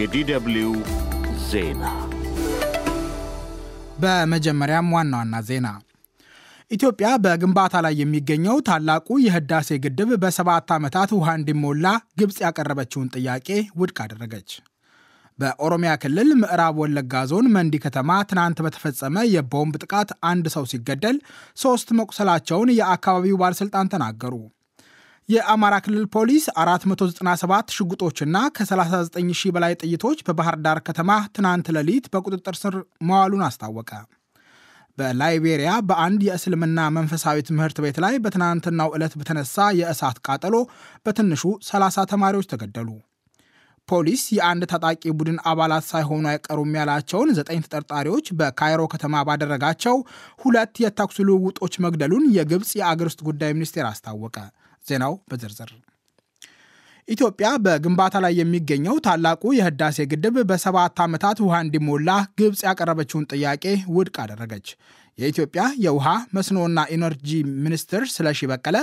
የዲደብልዩ ዜና። በመጀመሪያም ዋና ዋና ዜና ኢትዮጵያ በግንባታ ላይ የሚገኘው ታላቁ የህዳሴ ግድብ በሰባት ዓመታት ውሃ እንዲሞላ ግብፅ ያቀረበችውን ጥያቄ ውድቅ አደረገች። በኦሮሚያ ክልል ምዕራብ ወለጋ ዞን መንዲ ከተማ ትናንት በተፈጸመ የቦምብ ጥቃት አንድ ሰው ሲገደል ሶስት መቁሰላቸውን የአካባቢው ባለሥልጣን ተናገሩ። የአማራ ክልል ፖሊስ 497 ሽጉጦችና ከ39 ሺህ በላይ ጥይቶች በባህር ዳር ከተማ ትናንት ሌሊት በቁጥጥር ስር መዋሉን አስታወቀ። በላይቤሪያ በአንድ የእስልምና መንፈሳዊ ትምህርት ቤት ላይ በትናንትናው ዕለት በተነሳ የእሳት ቃጠሎ በትንሹ 30 ተማሪዎች ተገደሉ። ፖሊስ የአንድ ታጣቂ ቡድን አባላት ሳይሆኑ አይቀሩም ያላቸውን ዘጠኝ ተጠርጣሪዎች በካይሮ ከተማ ባደረጋቸው ሁለት የተኩስ ልውውጦች መግደሉን የግብፅ የአገር ውስጥ ጉዳይ ሚኒስቴር አስታወቀ። ዜናው በዝርዝር ኢትዮጵያ በግንባታ ላይ የሚገኘው ታላቁ የህዳሴ ግድብ በሰባት ዓመታት ውሃ እንዲሞላ ግብፅ ያቀረበችውን ጥያቄ ውድቅ አደረገች። የኢትዮጵያ የውሃ መስኖና ኢነርጂ ሚኒስትር ስለሺ በቀለ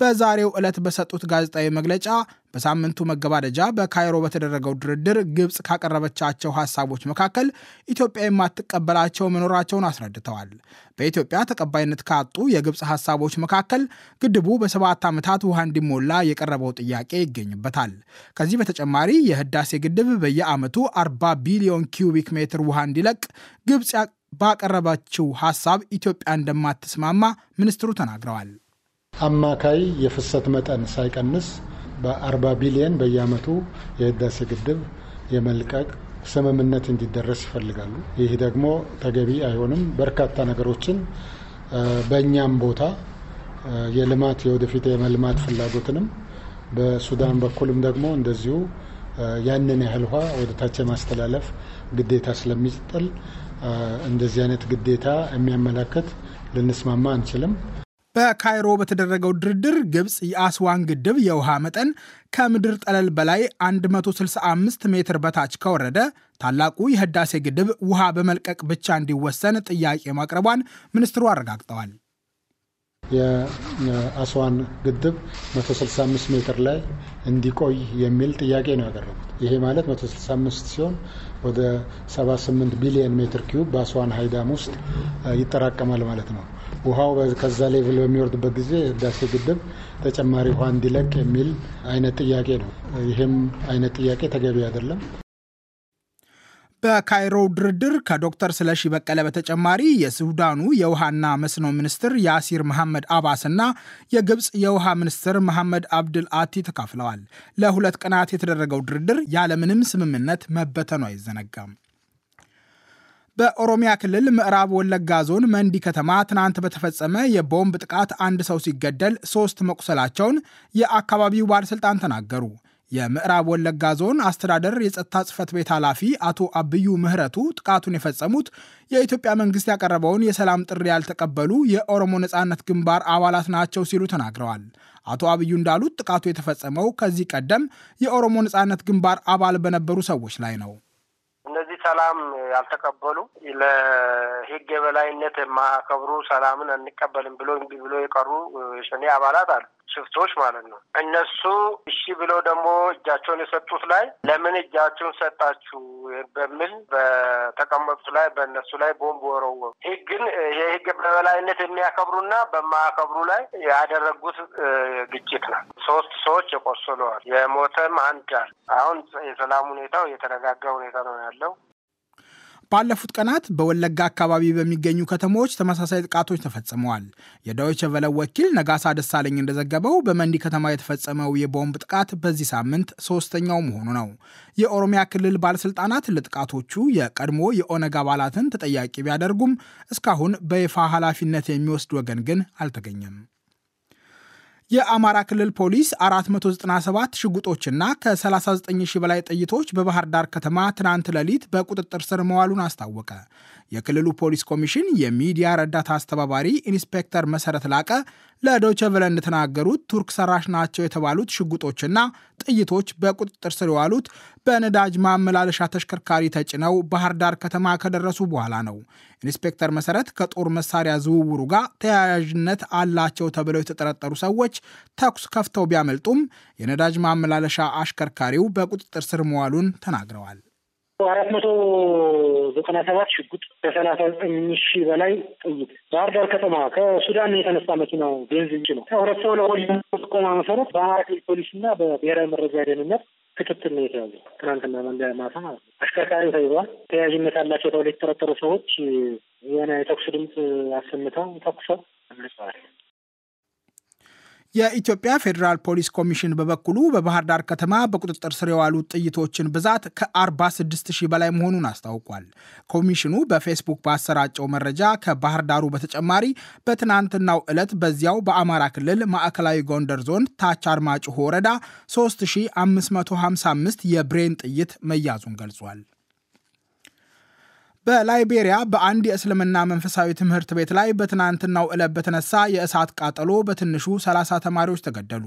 በዛሬው ዕለት በሰጡት ጋዜጣዊ መግለጫ በሳምንቱ መገባደጃ በካይሮ በተደረገው ድርድር ግብፅ ካቀረበቻቸው ሀሳቦች መካከል ኢትዮጵያ የማትቀበላቸው መኖራቸውን አስረድተዋል። በኢትዮጵያ ተቀባይነት ካጡ የግብፅ ሀሳቦች መካከል ግድቡ በሰባት ዓመታት ውሃ እንዲሞላ የቀረበው ጥያቄ ይገኝበታል። ከዚህ በተጨማሪ የህዳሴ ግድብ በየዓመቱ 40 ቢሊዮን ኪዩቢክ ሜትር ውሃ እንዲለቅ ግብፅ ባቀረበችው ሀሳብ ኢትዮጵያ እንደማትስማማ ሚኒስትሩ ተናግረዋል። አማካይ የፍሰት መጠን ሳይቀንስ በ40 ቢሊየን በየአመቱ የህዳሴ ግድብ የመልቀቅ ስምምነት እንዲደረስ ይፈልጋሉ። ይህ ደግሞ ተገቢ አይሆንም። በርካታ ነገሮችን በእኛም ቦታ የልማት የወደፊት የመልማት ፍላጎትንም በሱዳን በኩልም ደግሞ እንደዚሁ ያንን ያህል ውሃ ወደ ታች የማስተላለፍ ግዴታ ስለሚጥል እንደዚህ አይነት ግዴታ የሚያመላክት ልንስማማ አንችልም። በካይሮ በተደረገው ድርድር ግብፅ የአስዋን ግድብ የውሃ መጠን ከምድር ጠለል በላይ 165 ሜትር በታች ከወረደ ታላቁ የህዳሴ ግድብ ውሃ በመልቀቅ ብቻ እንዲወሰን ጥያቄ ማቅረቧን ሚኒስትሩ አረጋግጠዋል። የአስዋን ግድብ 165 ሜትር ላይ እንዲቆይ የሚል ጥያቄ ነው ያቀረቡት። ይሄ ማለት 165 ሲሆን ወደ 78 ቢሊዮን ሜትር ኪዩብ በአስዋን ሀይዳም ውስጥ ይጠራቀማል ማለት ነው። ውሃው ከዛ ሌቭል በሚወርድበት ጊዜ ህዳሴ ግድብ ተጨማሪ ውሃ እንዲለቅ የሚል አይነት ጥያቄ ነው። ይህም አይነት ጥያቄ ተገቢ አይደለም። በካይሮ ድርድር ከዶክተር ስለሺ በቀለ በተጨማሪ የሱዳኑ የውሃና መስኖ ሚኒስትር ያሲር መሐመድ አባስና የግብፅ የውሃ ሚኒስትር መሐመድ አብድል አቲ ተካፍለዋል። ለሁለት ቀናት የተደረገው ድርድር ያለምንም ስምምነት መበተኑ አይዘነጋም። በኦሮሚያ ክልል ምዕራብ ወለጋ ዞን መንዲ ከተማ ትናንት በተፈጸመ የቦምብ ጥቃት አንድ ሰው ሲገደል ሶስት መቁሰላቸውን የአካባቢው ባለሥልጣን ተናገሩ። የምዕራብ ወለጋ ዞን አስተዳደር የጸጥታ ጽህፈት ቤት ኃላፊ አቶ አብዩ ምህረቱ ጥቃቱን የፈጸሙት የኢትዮጵያ መንግስት ያቀረበውን የሰላም ጥሪ ያልተቀበሉ የኦሮሞ ነጻነት ግንባር አባላት ናቸው ሲሉ ተናግረዋል። አቶ አብዩ እንዳሉት ጥቃቱ የተፈጸመው ከዚህ ቀደም የኦሮሞ ነጻነት ግንባር አባል በነበሩ ሰዎች ላይ ነው። ሰላም ያልተቀበሉ ለህግ የበላይነት የማያከብሩ ሰላምን አንቀበልም ብሎ እምቢ ብሎ የቀሩ የሸኔ አባላት አሉ፣ ሽፍቶች ማለት ነው። እነሱ እሺ ብሎ ደግሞ እጃቸውን የሰጡት ላይ ለምን እጃቸውን ሰጣችሁ በሚል በተቀመጡት ላይ በእነሱ ላይ ቦምብ ወረወሩ። ህግን የህግ በበላይነት የሚያከብሩና በማያከብሩ ላይ ያደረጉት ግጭት ነው። ሶስት ሰዎች የቆሰሉዋል የሞተም አንድ አለ። አሁን የሰላም ሁኔታው የተረጋጋ ሁኔታ ነው ያለው። ባለፉት ቀናት በወለጋ አካባቢ በሚገኙ ከተሞች ተመሳሳይ ጥቃቶች ተፈጽመዋል። የዶይቸ ቨለ ወኪል ነጋሳ ደሳለኝ እንደዘገበው በመንዲ ከተማ የተፈጸመው የቦምብ ጥቃት በዚህ ሳምንት ሶስተኛው መሆኑ ነው። የኦሮሚያ ክልል ባለስልጣናት ለጥቃቶቹ የቀድሞ የኦነግ አባላትን ተጠያቂ ቢያደርጉም እስካሁን በይፋ ኃላፊነት የሚወስድ ወገን ግን አልተገኘም። የአማራ ክልል ፖሊስ 497 ሽጉጦችና ከ39 ሺህ በላይ ጥይቶች በባህር ዳር ከተማ ትናንት ሌሊት በቁጥጥር ስር መዋሉን አስታወቀ። የክልሉ ፖሊስ ኮሚሽን የሚዲያ ረዳት አስተባባሪ ኢንስፔክተር መሰረት ላቀ ለዶቸ ቨለ እንደተናገሩት ቱርክ ሰራሽ ናቸው የተባሉት ሽጉጦችና ጥይቶች በቁጥጥር ስር የዋሉት በነዳጅ ማመላለሻ ተሽከርካሪ ተጭነው ባህር ዳር ከተማ ከደረሱ በኋላ ነው። ኢንስፔክተር መሰረት ከጦር መሳሪያ ዝውውሩ ጋር ተያያዥነት አላቸው ተብለው የተጠረጠሩ ሰዎች ተኩስ ከፍተው ቢያመልጡም የነዳጅ ማመላለሻ አሽከርካሪው በቁጥጥር ስር መዋሉን ተናግረዋል። አራት መቶ ዘጠና ሰባት ሽጉጥ ከሰላሳ ዘጠኝ ሺህ በላይ ጥይት ባህር ዳር ከተማ ከሱዳን የተነሳ መኪና ቤንዚን ጭኖ ህብረተሰቡ ለፖሊስ ጥቆማ መሰረት በአማራ ክልል ፖሊስና በብሔራዊ መረጃ ደህንነት ክትትል ነው የተያዘ። ትናንትና መንዳ ማታ አሽከርካሪ ተይዟል። ተያያዥነት ያላቸው ተብሎ የተጠረጠሩ ሰዎች የሆነ የተኩስ ድምፅ አሰምተው ተኩሰው አምልጸዋል። የኢትዮጵያ ፌዴራል ፖሊስ ኮሚሽን በበኩሉ በባህር ዳር ከተማ በቁጥጥር ስር የዋሉ ጥይቶችን ብዛት ከ46 ሺህ በላይ መሆኑን አስታውቋል። ኮሚሽኑ በፌስቡክ ባሰራጨው መረጃ ከባህር ዳሩ በተጨማሪ በትናንትናው ዕለት በዚያው በአማራ ክልል ማዕከላዊ ጎንደር ዞን ታች አርማጭሆ ወረዳ 3555 የብሬን ጥይት መያዙን ገልጿል። በላይቤሪያ በአንድ የእስልምና መንፈሳዊ ትምህርት ቤት ላይ በትናንትናው ዕለት በተነሳ የእሳት ቃጠሎ በትንሹ 30 ተማሪዎች ተገደሉ።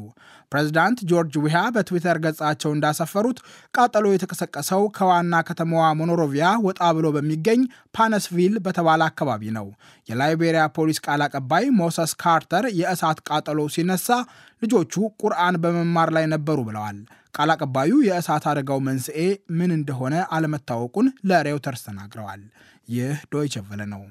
ፕሬዚዳንት ጆርጅ ዊሃ በትዊተር ገጻቸው እንዳሰፈሩት ቃጠሎ የተቀሰቀሰው ከዋና ከተማዋ ሞኖሮቪያ ወጣ ብሎ በሚገኝ ፓነስቪል በተባለ አካባቢ ነው። የላይቤሪያ ፖሊስ ቃል አቀባይ ሞሰስ ካርተር የእሳት ቃጠሎ ሲነሳ ልጆቹ ቁርአን በመማር ላይ ነበሩ ብለዋል። ቃል አቀባዩ የእሳት አደጋው መንስኤ ምን እንደሆነ አለመታወቁን ለሬውተርስ ተናግረዋል። ይህ ዶይቸ ቨለ ነው።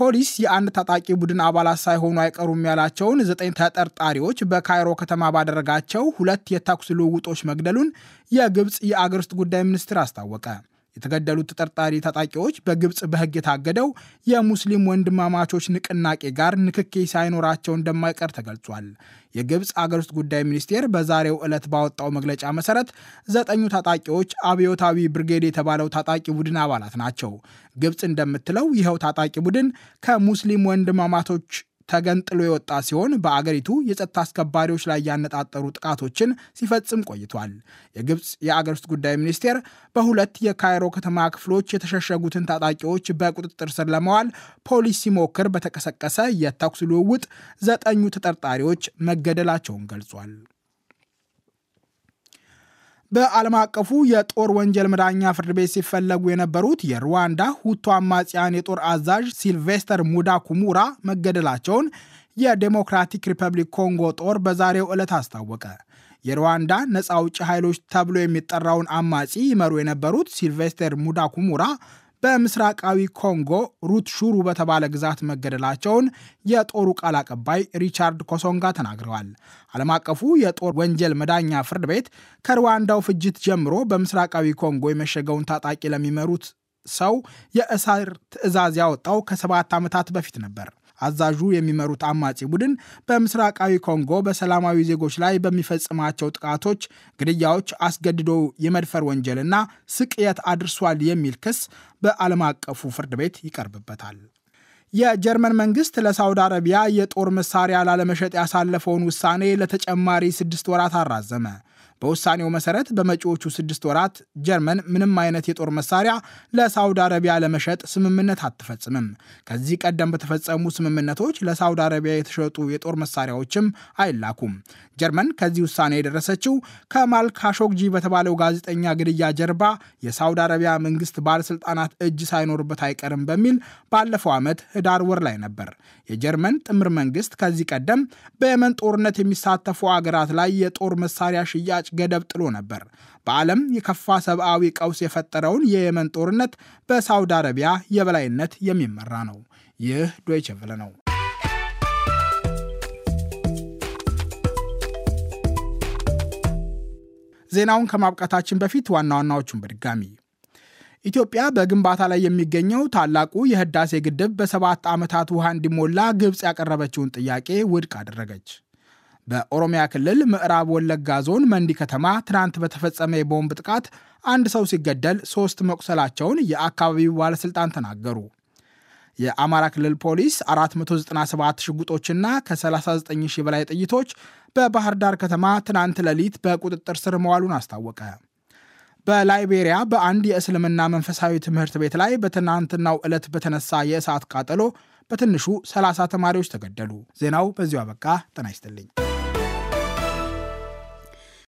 ፖሊስ የአንድ ታጣቂ ቡድን አባላት ሳይሆኑ አይቀሩም ያላቸውን ዘጠኝ ተጠርጣሪዎች በካይሮ ከተማ ባደረጋቸው ሁለት የተኩስ ልውውጦች መግደሉን የግብፅ የአገር ውስጥ ጉዳይ ሚኒስትር አስታወቀ። የተገደሉት ተጠርጣሪ ታጣቂዎች በግብፅ በሕግ የታገደው የሙስሊም ወንድማማቾች ንቅናቄ ጋር ንክኬ ሳይኖራቸው እንደማይቀር ተገልጿል። የግብፅ አገር ውስጥ ጉዳይ ሚኒስቴር በዛሬው ዕለት ባወጣው መግለጫ መሰረት ዘጠኙ ታጣቂዎች አብዮታዊ ብርጌድ የተባለው ታጣቂ ቡድን አባላት ናቸው። ግብፅ እንደምትለው ይኸው ታጣቂ ቡድን ከሙስሊም ወንድማማቶች ተገንጥሎ የወጣ ሲሆን በአገሪቱ የጸጥታ አስከባሪዎች ላይ ያነጣጠሩ ጥቃቶችን ሲፈጽም ቆይቷል። የግብፅ የአገር ውስጥ ጉዳይ ሚኒስቴር በሁለት የካይሮ ከተማ ክፍሎች የተሸሸጉትን ታጣቂዎች በቁጥጥር ስር ለመዋል ፖሊስ ሲሞክር በተቀሰቀሰ የተኩስ ልውውጥ ዘጠኙ ተጠርጣሪዎች መገደላቸውን ገልጿል። በዓለም አቀፉ የጦር ወንጀል መዳኛ ፍርድ ቤት ሲፈለጉ የነበሩት የሩዋንዳ ሁቱ አማጽያን የጦር አዛዥ ሲልቬስተር ኩሙራ መገደላቸውን የዴሞክራቲክ ሪፐብሊክ ኮንጎ ጦር በዛሬው ዕለት አስታወቀ። የሩዋንዳ ነፃ አውጪ ኃይሎች ተብሎ የሚጠራውን አማጺ ይመሩ የነበሩት ሲልቬስተር ኩሙራ በምስራቃዊ ኮንጎ ሩት ሹሩ በተባለ ግዛት መገደላቸውን የጦሩ ቃል አቀባይ ሪቻርድ ኮሶንጋ ተናግረዋል። ዓለም አቀፉ የጦር ወንጀል መዳኛ ፍርድ ቤት ከሩዋንዳው ፍጅት ጀምሮ በምስራቃዊ ኮንጎ የመሸገውን ታጣቂ ለሚመሩት ሰው የእስር ትዕዛዝ ያወጣው ከሰባት ዓመታት በፊት ነበር። አዛዡ የሚመሩት አማጺ ቡድን በምስራቃዊ ኮንጎ በሰላማዊ ዜጎች ላይ በሚፈጽማቸው ጥቃቶች፣ ግድያዎች፣ አስገድዶ የመድፈር ወንጀልና ስቅየት አድርሷል የሚል ክስ በዓለም አቀፉ ፍርድ ቤት ይቀርብበታል። የጀርመን መንግስት ለሳውዲ አረቢያ የጦር መሳሪያ ላለመሸጥ ያሳለፈውን ውሳኔ ለተጨማሪ ስድስት ወራት አራዘመ። በውሳኔው መሰረት በመጪዎቹ ስድስት ወራት ጀርመን ምንም አይነት የጦር መሳሪያ ለሳውዲ አረቢያ ለመሸጥ ስምምነት አትፈጽምም። ከዚህ ቀደም በተፈጸሙ ስምምነቶች ለሳውዲ አረቢያ የተሸጡ የጦር መሳሪያዎችም አይላኩም። ጀርመን ከዚህ ውሳኔ የደረሰችው ከማል ካሾግጂ በተባለው ጋዜጠኛ ግድያ ጀርባ የሳውዲ አረቢያ መንግስት ባለስልጣናት እጅ ሳይኖርበት አይቀርም በሚል ባለፈው ዓመት ህዳር ወር ላይ ነበር። የጀርመን ጥምር መንግስት ከዚህ ቀደም በየመን ጦርነት የሚሳተፉ አገራት ላይ የጦር መሳሪያ ሽያጭ አማራጭ ገደብ ጥሎ ነበር። በዓለም የከፋ ሰብአዊ ቀውስ የፈጠረውን የየመን ጦርነት በሳውዲ አረቢያ የበላይነት የሚመራ ነው። ይህ ዶይቼ ቬለ ነው። ዜናውን ከማብቃታችን በፊት ዋና ዋናዎቹን በድጋሚ ኢትዮጵያ በግንባታ ላይ የሚገኘው ታላቁ የህዳሴ ግድብ በሰባት ዓመታት ውሃ እንዲሞላ ግብፅ ያቀረበችውን ጥያቄ ውድቅ አደረገች። በኦሮሚያ ክልል ምዕራብ ወለጋ ዞን መንዲ ከተማ ትናንት በተፈጸመ የቦምብ ጥቃት አንድ ሰው ሲገደል ሶስት መቁሰላቸውን የአካባቢው ባለሥልጣን ተናገሩ። የአማራ ክልል ፖሊስ 497 ሽጉጦችና ከ39 ሺህ በላይ ጥይቶች በባህር ዳር ከተማ ትናንት ሌሊት በቁጥጥር ስር መዋሉን አስታወቀ። በላይቤሪያ በአንድ የእስልምና መንፈሳዊ ትምህርት ቤት ላይ በትናንትናው ዕለት በተነሳ የእሳት ቃጠሎ በትንሹ 30 ተማሪዎች ተገደሉ። ዜናው በዚሁ አበቃ። ጤና ይስጥልኝ።